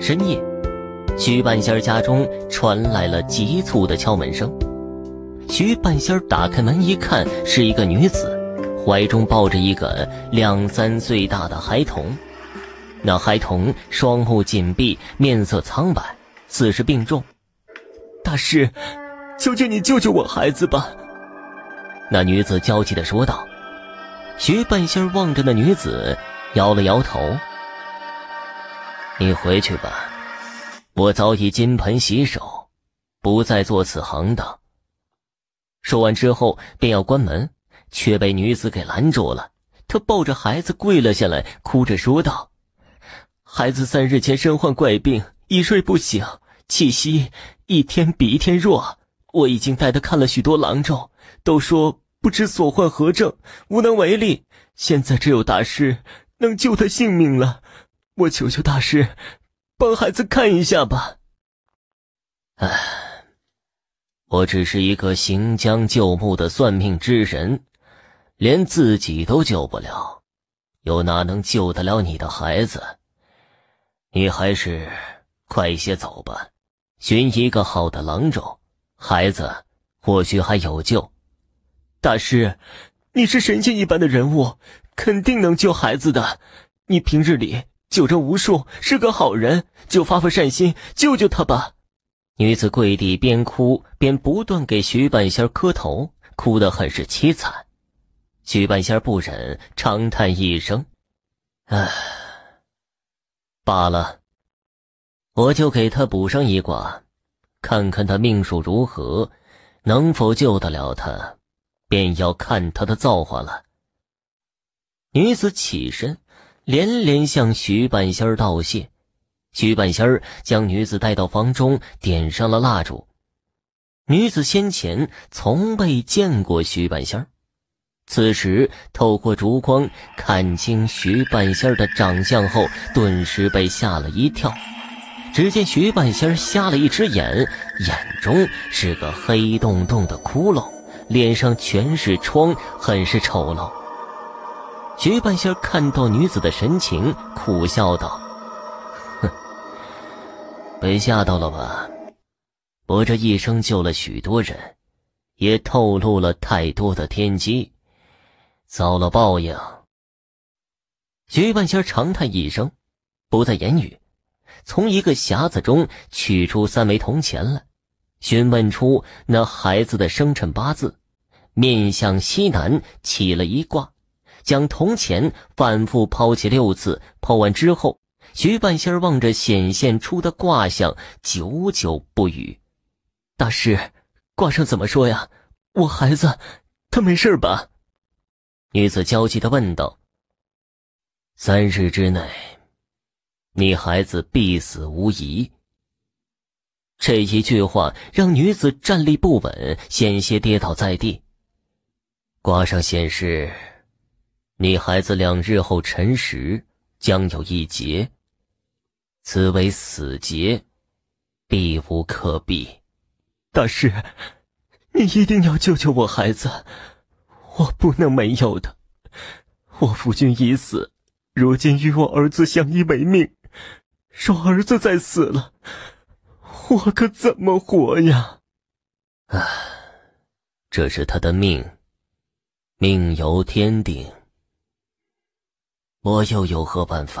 深夜，徐半仙家中傳來了急促的敲門聲。徐半仙打開門一看，是一個女子，懷中抱着一個兩三歲大的孩童。那孩童雙目緊閉，面色蒼白，似是病重。大師，求求你救救我孩子吧！那女子焦急地說道。徐半仙望着那女子，搖了搖頭。你回去吧，我早已金盆洗手，不再做此行當。說完之後，便要關門，卻被女子給攔住了。她抱着孩子跪了下來，哭着說道：“孩子三日前身患怪病，一睡不醒，氣息一天比一天弱。我已經帶他看了許多郎中，都說不知所患何症，無能為力。現在只有大師能救他性命了。”我求求大師，幫孩子看一下吧。唉，我只是一個行將就木的算命之人，連自己都救不了，又哪能救得了你的孩子？你還是快些走吧，尋一個好的郎中，孩子或許還有救。大師，你是神仙一般的人物，肯定能救孩子的。你平日裡……救人無數，是個好人，就發發善心，救救他吧。女子跪地，邊哭邊不斷給徐半仙磕頭，哭得很是淒慘。徐半仙不忍，長嘆一聲：“唉，罷了，我就給他卜上一卦，看看他命數如何，能否救得了他，便要看他的造化了。”女子起身，連連向徐半仙道謝，徐半仙將女子帶到房中，點上了蠟燭。女子先前從未見過徐半仙，此時透過燭光看清徐半仙的長相後，頓時被嚇了一跳。只見徐半仙瞎了一隻眼，眼中是個黑洞洞的窟窿，臉上全是瘡，很是醜陋。徐半仙看到女子的神情，苦笑道：“哼，被嚇到了吧？我這一生救了許多人，也透露了太多的天機，遭了報應。”徐半仙長歎一聲，不再言語，從一個匣子中取出三枚銅錢來，詢問出那孩子的生辰八字，面向西南起了一卦。將銅錢反覆拋起六次，拋完之後，徐半仙望着顯現出的卦象，久久不語。大師，卦上怎麼說呀？我孩子，他沒事吧？女子焦急的問道。三日之內，你孩子必死無疑。這一句話讓女子站立不穩，險些跌倒在地。卦上顯示，你孩子兩日後辰時將有一劫，此為死劫，避無可避。大師，你一定要救救我孩子，我不能沒有的。我夫君已死，如今與我兒子相依為命，若兒子再死了，我可怎麼活呀？啊，這是他的命，命由天定。我又有何辦法？